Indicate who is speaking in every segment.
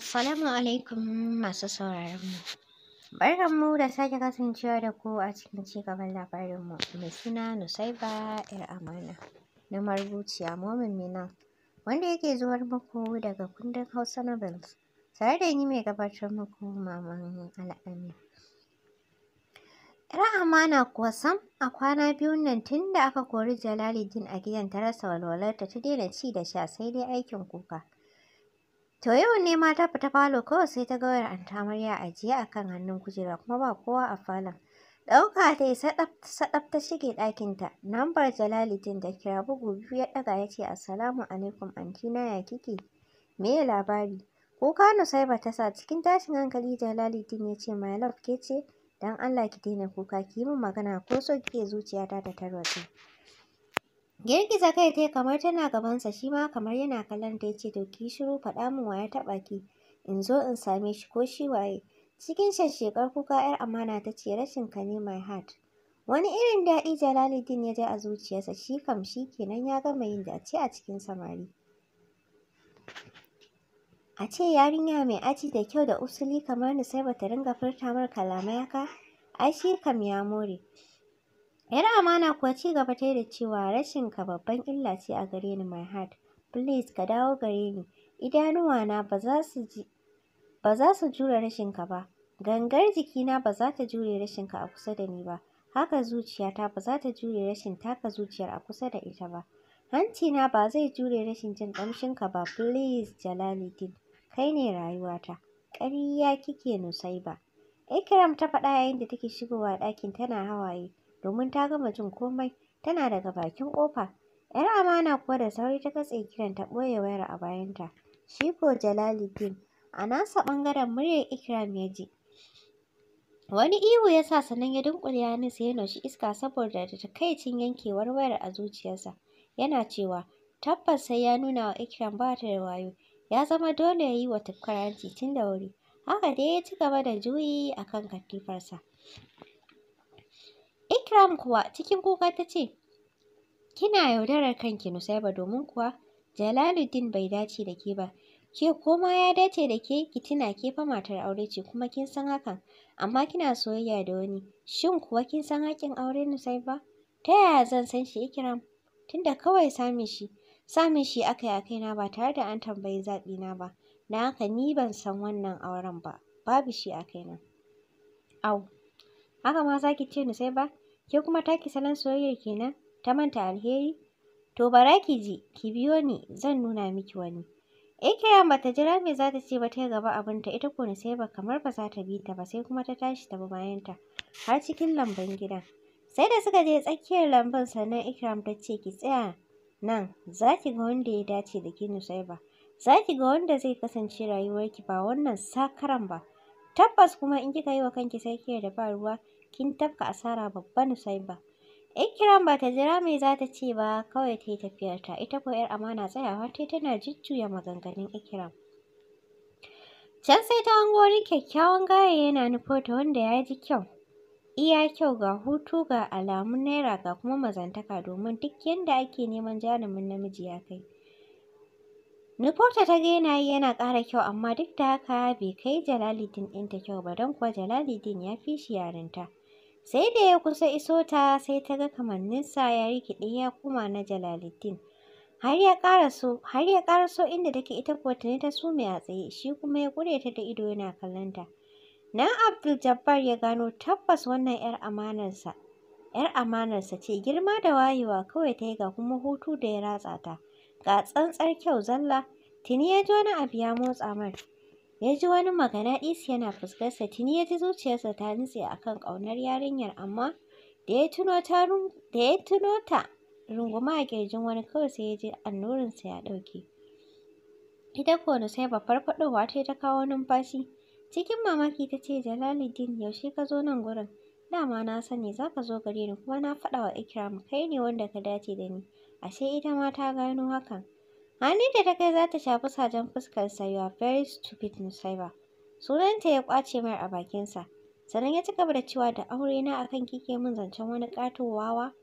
Speaker 1: Assalamu alaikum masu sauraron mu. Barkan mu da sake kasancewa da ku a cikin ci cigaban labarinmu Me suna Nusaiba 'yar amana na marubuciya Momin Minan wanda yake zuwar muku daga kundin Hausa Novels tare da ni mai gabatar muku Maman Al'amin. 'Yar amana kuwa sam a kwana biyu nan tun da aka kori Jalaluddin a gidan ta rasa ta, ta daina ci da sha sai dai aikin kuka. To yau ne ma ta fita falo kawai sai ta ga wayar Anta a ajiye a kan hannun kujera kuma ba kowa a falon. Ɗauka ta yi saɗaf ta shige ɗakinta. Nambar Jalalitin da kira bugu biyu ya ɗaga ya ce Assalamu alaikum anti na ya kike? Me ya labari? Kuka Nusaiba ta sa cikin tashin hankali Jalalitin ya ce my love ke ce? Dan Allah ki daina kuka ki yi min magana ko so kike zuciyata ta tarwatse. girgiza kai ta kamar tana gabansa shi ma kamar yana kallon ta yace to ki shiru faɗa min waye ta taɓa in zo in same shi ko shi waye cikin shanshekar kuka yar amana ta ce rashin ka ne my heart wani irin daɗi jalaluddin ya ji a zuciyarsa shi kam shi kenan ya gama yin dace a cikin samari a ce yarinya mai aji da kyau da usuli kamar ni sai bata ringa furta mar kalamai ka ai shi kam ya more Yar amana kuwa ci gaba ta yi da cewa rashin ka babban illa ce a gare ni my heart. Please ka dawo gare ni. Idanuwana ba za su ba za su jure rashin ka ba. Gangar jikina ba za ta jure rashin ka a kusa da ni ba. Haka zuciyata ba za ta jure rashin taka zuciyar a kusa da ita ba. hanci na ba zai jure rashin jin ƙamshin ka ba. Please Jalaluddin, kai ne rayuwata. Ƙarya kike Nusaiba. Ikram ta faɗa yayin da take shigowa ɗakin tana hawaye. domin ta gama jin komai tana daga bakin ƙofa. ‘Yar amana kuwa da sauri ta katse kiran ta ɓoye wayar a bayanta. Shi ko Jalaluddin a nasa ɓangaren muryar Ikram ya ji. Wani ihu ya sa sanan ya dunƙule nisa ya noshi iska saboda da takaicin yankewar wayar a zuciyarsa. Yana cewa tabbas sai ya nuna wa Ikram ba ta da wayo. Ya zama dole ya yi wa tukkaranci tun da wuri. Haka dai ya ci gaba da juyi a kan katifarsa. Ikram kuwa cikin kuka ta ce, Kina yaudarar kanki Nusaiba domin kuwa Jalaluddin bai dace da ke ba. Ke koma ya dace da ke ki tuna ke fa matar aure ce kuma kin san hakan amma kina soyayya da wani shin kuwa kin san hakin aure Nusaiba? Ta yaya zan san shi Ikram? Tunda kawai samun shi samun shi aka yi a kaina ba tare da an tambayi zaɓi na ba. Na haka ni ban san wannan auren ba babu shi a kaina. Au, haka ma za ki ce Nusaiba? Ke kuma taki salon soyayyar kenan ta manta alheri? To bara ki ji, ki biyo ni zan nuna miki wani. Eh, Ikram ba ta jira me za ta ce ba ta gaba ta. ita ko ba kamar ba za ta bi ta ba sai kuma ta tashi ta bayan bayanta har cikin lambun gidan. Sai da suka je tsakiyar lambun sannan Ikram ta ce ki tsaya nan za ki ga wanda ya dace da ki ba? Za ki ga wanda zai kasance rayuwarki ba wannan sakaran ba. Tabbas kuma in kika yi wa kanki sarki da ba ruwa kin tafka asara babba Nusaiba. Ikiram ba ta jira me za ta ce ba kawai ta yi tafiyarta ita ko 'yar amana tsayawa ta tana jujjuya maganganun Ikiram. Can sai ta hango wani kyakkyawan gaya yana nufo ta wanda ya ji kyau. Iya kyau ga hutu ga alamun naira ga kuma mazantaka domin duk yadda ake neman jarumin namiji ya kai. Nufota ta ga yana yi yana ƙara kyau amma duk da haka bai kai Jalalidin ɗinta kyau ba don kuwa Jalalidin ya fi shi yarinta. Sai da ya kusa iso ta sai ta ga kamanninsa ya rikiɗe ya kuma na Jalaluddin. Har ya ƙara har inda take ita kuwa tuni ta mai a tsaye, shi kuma ya ƙure ta da ido yana kallonta. Na Abdulljabbar ya gano tabbas wannan 'yar amanarsa. 'Yar amanarsa ce girma da wayewa kawai ta yi ga kuma hutu da ya ratsa ta. Ga tsantsar kyau zalla, tuni ya jona wani abu motsa mai. ya ji wani magana isi yana fuskarsa tuni ya ji zuciyarsa ta nutse a kan ƙaunar yarinyar amma da ya tuno ta runguma a ƙirjin wani kawai sai ya ji annurinsa ya ɗauke ita ko sai ba faɗowa ta ta kawo numfashi cikin mamaki ta ce jalaluddin yaushe ka zo nan gurin dama na sani za ka zo gare ni kuma na faɗa wa ikram kai ne wanda ka dace da ni ashe ita ma ta gano hakan Hannu da ta kai za ta shafi sajen fuskarsa you are very stupid Nusaiba. Sunanta ya kwace mai a bakinsa. Sannan ya ci gaba da cewa da aure na akan kike min zancen wani kato wawa.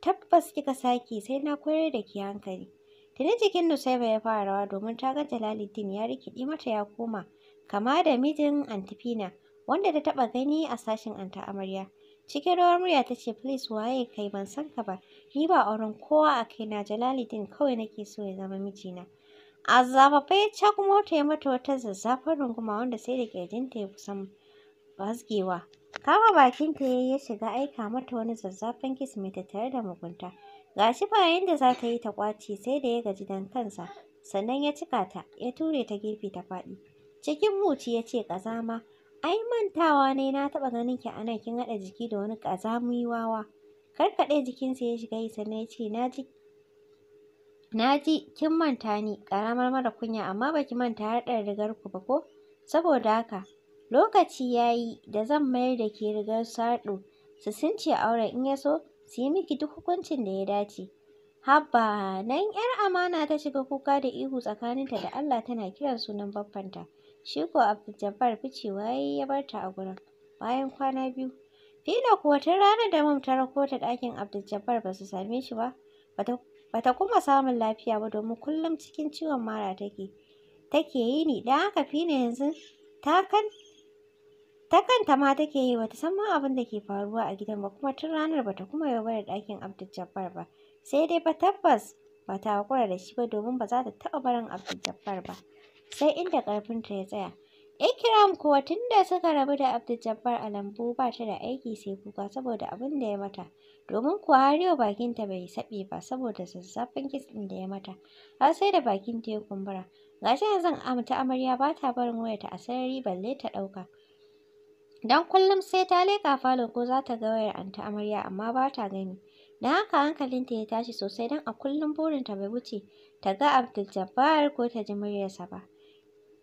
Speaker 1: Tabbas kika saki sai na koyar da ki hankali. Tuni jikin Nusaiba ya fara rawa domin ta ga Jalaluddin ya rikiɗi mata ya koma kama da mijin Antifina wanda ta taɓa gani a sashin Anta Amarya. Cikin rawar murya ta ce please waye kai ban san ka ba. Ni ba auren kowa a kaina Jalaluddin kawai nake so ya zama mijina. A zafafa ya kuma ta ya mata wata zazzafar runguma wanda sai da ƙirjinta ya kusan bazgewa. Kama bakinta ya ya shiga aika mata wani zazzafan kis mai tattare da mugunta. Ga shi ba da za ta yi ta kwace sai da ya gaji dan kansa. Sannan ya cika ta, ya ture ta gefe ta faɗi. Cikin muci ya ce ƙazama, ai mantawa ne na taɓa ganin ki a nan kin haɗa jiki da wani ƙazami wawa. jikin jikinsa ya shiga yi sannan ya ce na yace na ji kin manta ni karamar mara kunya amma baki manta har haɗar rigar ku ba ko saboda haka lokaci yayi da zan mayar da ke rigar sardo su sunce aure in ya so su yi miki duk hukuncin da ya dace Habba nan ‘yar amana ta shiga kuka da ihu tsakaninta da Allah tana kiran sunan baffanta. Shi ko Abdul ficewa yayi ya barta a gurin bayan kwana biyu. Fila kuwa tun ranar da Mam ta rako ta ɗakin Abdul ba su same shi ba, bata kuma samun lafiya ba domin kullum cikin ciwon mara take. yi ni don haka Fila yanzu ta kanta ma take yi wata san abin da ke faruwa a gidan ba kuma tun ranar bata kuma yi da ɗakin Abdul ba. Sai dai ba tabbas ta haƙura da shi ba domin ba za ta taɓa barin Abdul ba. Sai inda ƙarfinta ya tsaya. Ikiram kuwa tun da suka rabu da Abdul a lambu ba ta da aiki sai kuka saboda abin da ya mata. Domin kuwa har yau bakinta bai saɓe ba saboda zazzafin kitsin da ya mata. Har sai da ta ya kumbura. Ga shi yanzu ta amarya ba ta barin wayarta a sarari balle ta ɗauka. Don kullum sai ta leƙa falo ko za ta ga wayar anta amarya amma ba ta gani. Don haka hankalinta ya tashi sosai don a kullum burinta bai wuce ta ga Abdul ko ta ji muryarsa ba.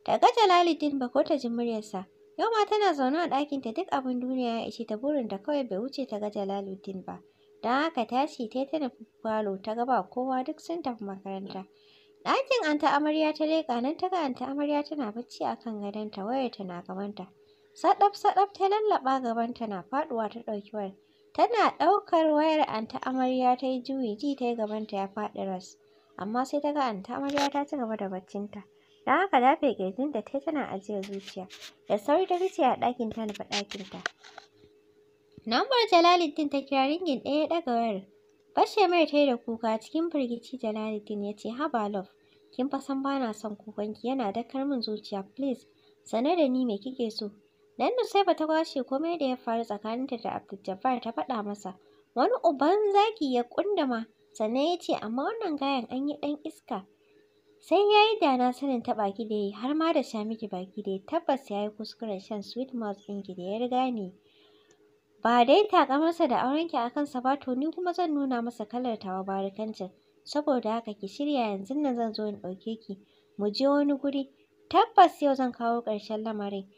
Speaker 1: Daga Jalaluddin ba ko ta ji muryarsa. Yau ma tana zaune a ɗakinta duk abin duniya ya ishe ta burin da kawai bai wuce ta ga Jalaluddin ba. Don haka tashi ta ta nufi falo ta ga ba kowa duk sun tafi makaranta. Ɗakin anta amarya ta leƙa nan ta ga anta amarya tana bacci a kan gadonta wayarta na gabanta. Saɗaf-saɗaf ta lallaɓa gabanta na faɗuwa ta ɗauki wayar. Tana ɗaukar wayar anta amarya ta yi juyi ji ta yi gabanta ya faɗi ras. Amma sai ta ga anta amarya ta ci gaba da baccinta. Don haka dafe da ta tana ajiyar zuciya. Da sauri ta fice a ɗakin ta nufa ɗakinta. Lambar Jalaluddin ta kira ringin ɗaya ɗaga wayar. Bashe mai ta da kuka cikin firgici Jalaluddin ya ce haba love. Kin fa san bana son kukanki yana dakar min zuciya please. Sane da ni me kike so. Dan sai ba ta kwashe komai da ya faru tsakaninta da Abdul ta faɗa masa. Wani uban zaki ya kundama sannan ya ce amma wannan gayan an yi ɗan iska. sai ya yi da na sanin ta baki da yi har ma da sha miki baki da yi tabbas ya yi kuskuren shan sweet ɗin ki da ya riga ni ba dai takamarsa da ki a sa ba to ni kuma zan nuna masa kalar tawa barikancin saboda haka ki shirya yanzu nan zan zo in ɗauke ki mu je wani guri tabbas yau zan kawo ƙarshen lamarin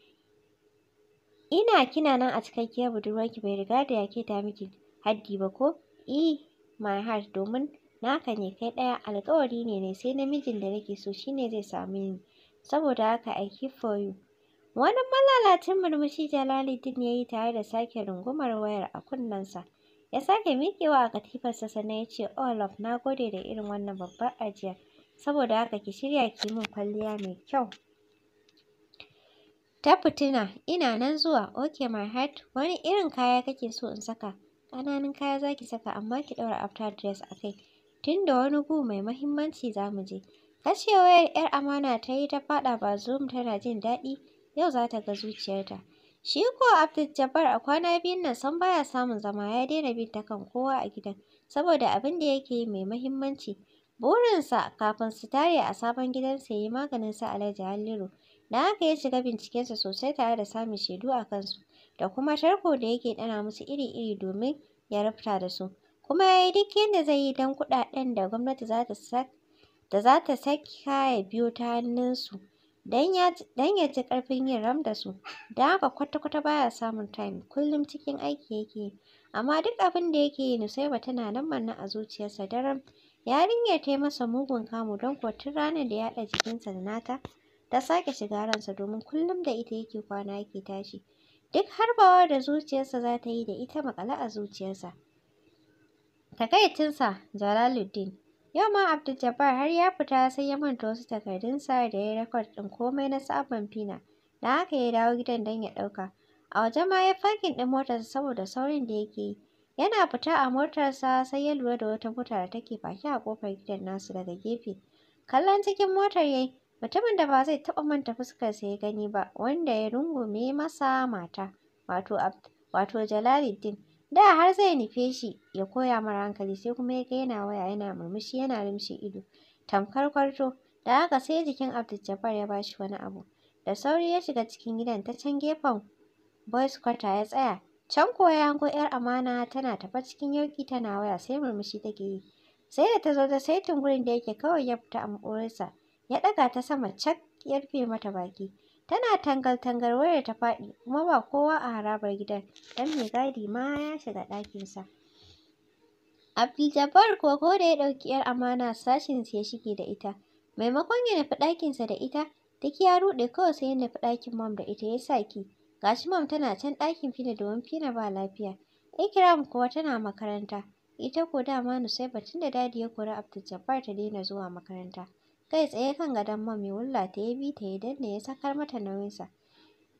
Speaker 1: ina kina nan a cikakkiyar budurwarki bai riga da ya keta miki haddi ba ko i eh, my heart domin naka ne kai ɗaya alƙawari ne ne sai namijin da nake so shine zai samu ni saboda haka I keep for you wani malalacin murmushi Jalaluddin ya yi tare da sake rungumar wayar a kunnensa ya sake miƙewa a katifarsa sannan ya ce Olaf oh, na gode da irin wannan babbar ajiyar saboda haka ki shirya ki min kwalliya mai kyau ta fitina ina nan zuwa okay my heart wani irin kaya kake so in saka ƙananun kaya za ki saka amma ki ɗaura after dress a kai tun da wani buhu mai muhimmanci za mu je. Kashe 'yar amana ta yi ta faɗa Bazum tana jin daɗi, yau za ta ga zuciyarta. Shi ko Abdul a kwana biyun nan sam baya samun zama ya daina bin ta kan kowa a gidan saboda abin da yake yi mai muhimmanci. Burinsa kafin su tare a sabon gidansa ya yi maganin su Alhaji Halliru. na haka ya shiga bincikensa sosai tare da samun shaidu a kansu da kuma tarko da yake ɗana musu iri-iri domin ya rufta da su. kuma ya yi duk yadda zai yi don kuɗaɗen da gwamnati da za ta saka ya biyo ta hannunsu don ya ji ƙarfin yin ram da su don haka kwata-kwata baya samun time kullum cikin aiki yake yi amma duk abin da yake yi Nusaiba tana nan manna a zuciyarsa daren yarinyar ta yi masa mugun kamu don kuwa tun ranar da ya haɗa jikinsa da nata ta sake shiga ransa domin kullum da ita yake kwana yake tashi duk harbawa da zuciyarsa za ta yi da ita maƙale a zuciyarsa Takaicinsa Jalaluddin, yau ma Abdul har ya fita sai ya manta wasu takardunsa da ya yi rekod ɗin komai na sabon fina, da haka ya dawo gidan don ya ɗauka. A waje ma ya fakin ɗin motarsa saboda saurin da yake yi. Yana fita a motarsa sai ya lura da wata mota da take faki a ƙofar gidan nasu daga gefe. Kallon cikin motar yayi, mutumin da ba zai taɓa manta fuskarsa ya gani ba, wanda ya rungume masa mata, wato wato Jalaluddin. Da har zai nufe shi ya koya mara hankali sai kuma ya ga yana waya yana murmushi yana lumshe ido tamkar kwarto. Da haka sai jikin Abdul ya ba shi wani abu. Da sauri ya shiga cikin gidan ta can gefen boys quarter ya tsaya. Can koya ya hango 'yar amana tana tafa cikin yauki tana waya sai murmushi take yi. Sai da ta zo ta saitin gurin da yake kawai ya fita a maƙorinsa. Ya ɗaga ta sama cak ya rufe mata baki. Tana tangal-tangal wayar ta faɗi kuma ba kowa a harabar gidan dan mai gadi ma ya shiga ɗakinsa. Abdul-Jabbar kuwa ko da ya ɗauki 'yar amana sashinsa ya shige da ita. Maimakon ya nufi ɗakinsa da ita, duk ya ruɗe kawai sai ya nufi ɗakin mam da ita ya sa ki. Gashi mam tana can ɗakin Fina domin Fina ba lafiya. Ikram kuwa tana makaranta. Ita ko dama Nusaiba tun da dadi ya kori abdul ta daina zuwa makaranta. kai tsaye kan gadon mai wulla ta ya bi ta ya danne ya sakar mata nauyinsa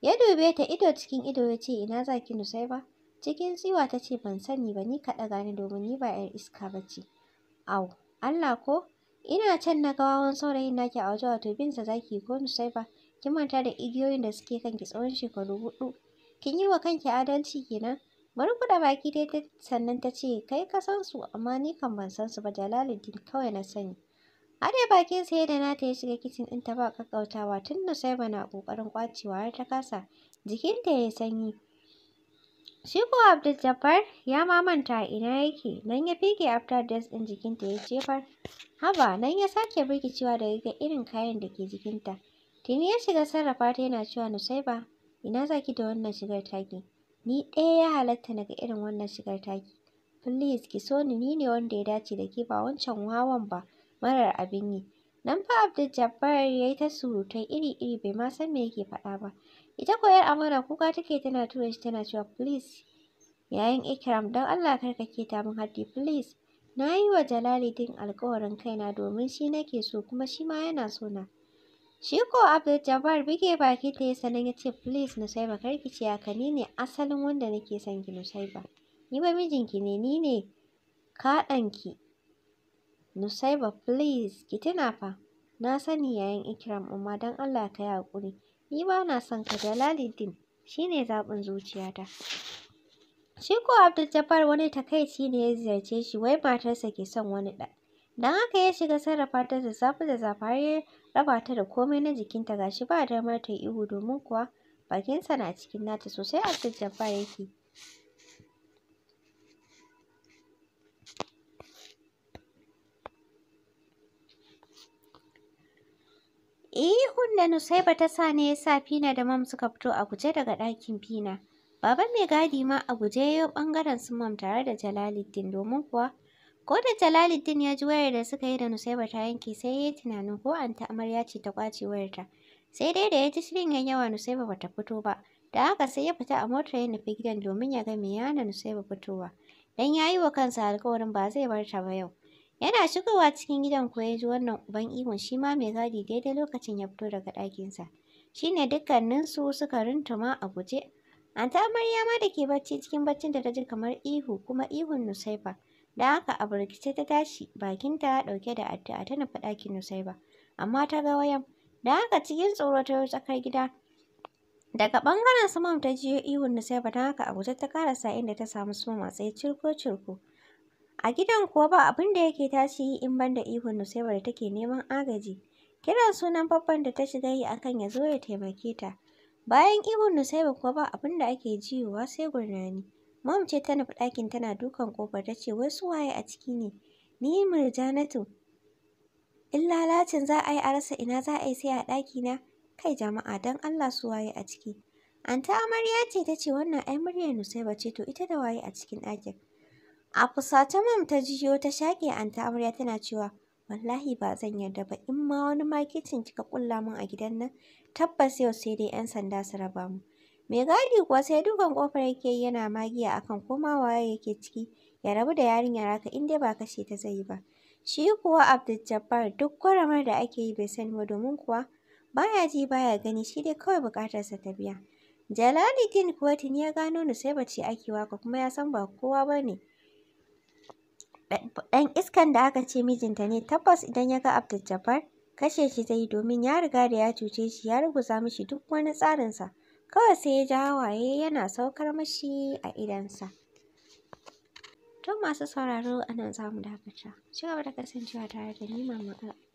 Speaker 1: ya dube ta ido cikin ido ya ce ina za ki nusaiba cikin tsiwa ta ce ban sani ba ni ka ɗaga ni domin ni ba 'yar iska ba ce au allah ko ina can na gawawan saurayin naki a waje wato binsa za ki ko nusaiba kin manta da igiyoyin da suke kanki tsawon shekaru hudu kin yi wa kanki adalci kenan bari kuɗa baki dai sannan ta ce kai ka san su amma ni kan ban san su ba jalaluddin kawai na sani Hade bakin sai da nata ya shiga kicin din ta ba kakkautawa tun da na kokarin kwacewa har ta kasa. Jikinta ya sanyi. Shi ko Abdul Jabbar ya mamanta ina yake nan ya fige after dress din jikinta ya jefar. Haba nan ya sake cewa da ga irin kayan da ke jikinta. Tini ya shiga sarrafa ta yana cewa Nusaiba ina zaki da wannan shigar taki. Ni ɗaya ya halatta daga irin wannan shigar taki. Please ki so ni ni ne wanda ya dace da ke ba wancan wawan ba. marar abin yi. Nan fa Abdul Jabbar ya yi ta surutai iri-iri bai ma san me yake faɗa ba. Ita ko 'yar amana kuka take tana tura shi tana cewa please yayin Ikram dan Allah kar ka ke ta mun haddi please. Na yi wa Jalaluddin alƙawarin kaina domin shi nake so kuma shi ma yana so na. Shi ko Abdul Jabbar bige baki ta yi yace ya ce please Nusaiba kar ki ce haka ni ne asalin wanda nake son ki ba Ni ba mijinki ne ni ne ki. Nusaiba please ki tuna fa, na sani yayin ikiram, umma don Allah ka yi haƙuri, ni ba na son ka Jalaluddin shi ne zaɓin zuciyata. Shi ko Abdul Jabbar wani takaici ne ya ziyarce shi wai matarsa ke son wani ɗa. Don haka ya shiga sarrafa ta da zafi da ya raba ta da komai na jikinta gashi ba damar ta ihu domin kuwa bakinsa na cikin nata sosai Abdul Jabbar yake. Ihun da Nusaiba ta sa ne ya sa Fina da Mam suka fito a guje daga ɗakin Fina. Baban mai gadi ma a guje ya yi ɓangaren su Mam tare da Jalaluddin domin kuwa ko da Jalaluddin ya ji wayar da suka yi da Nusaiba ta yanke sai ya yi tunanin ko an ta amarya ce ta ƙwace wayarta. Sai dai da ya ji shirin 'yan yawa Nusaiba ba ta fito ba. Da haka sai ya fita a mota ya nufi gidan domin ya ga me yana Nusaiba fitowa. Dan ya yi wa kansa alƙawarin ba zai bar ta ba yau. Yana shigowa cikin gidan kuwa ya ji wannan uban ihun shi ma mai gadi daidai lokacin ya fito daga ɗakinsa. Shi ne dukkaninsu suka rintuma a guje. Anta amarya ma da ke bacci cikin baccin da ta ji kamar ihu kuma ihun nusaifa Da haka a burkice ta tashi bakinta ɗauke da addu'a ta nufi ɗakin nusaifa Amma ta ga wayan. Da haka cikin tsoro ta tsakar gida. Daga ɓangaren saman ta jiyo ihun nusaifa don haka a guje ta karasa inda ta samu su matsayi cirko-cirko. A gidan kuwa ba abin da yake tashi yi in ban da ihun Nusaibar da take neman agaji. Kiran sunan babban da ta shiga yi akan ya zo ya taimake ta. Bayan ihun Nusaibar kuwa ba abin da ake jiyowa sai gurnani. Mom ce ta nufi ɗakin tana dukan ƙofar ta ce wai su waye a ciki ne? Ni Murjanatu. In lalacin za a yi a rasa ina za a yi sai a na? Kai jama'a don Allah su waye a ciki. Anta amarya ce ta ce wannan ai muryar Nusaiba ce to ita da waye a cikin ɗakin. A fusace mam ta jiyo ta shaƙe anta amarya tana cewa wallahi ba zan yarda ba in ma wani makicin kika kulla min a gidan nan tabbas yau sai dai 'yan sanda su raba mu. Mai gadi kuwa sai dukan kofar yake yana magiya akan koma waye yake ciki ya rabu da yarinyar raka, in dai ba kashe ta zai yi ba. Shi kuwa Abdul duk kwaramar da ake yi bai sani ba domin kuwa baya ji baya gani shi dai kawai bukatarsa ta biya. Jalaluddin kuwa tuni ya gano ni sai bace ake waka kuma ya san ba kowa bane. ɗan iskan da aka ce mijinta ne tabbas idan ya ga Abdul kashe shi zai domin ya riga da ya cuce shi ya ruguza mishi duk wani tsarin sa, kawai sai ya ji hawaye yana saukar mashi a sa. to masu sauraro anan zamu dakata. Ci da kasancewa tare da ni mamaka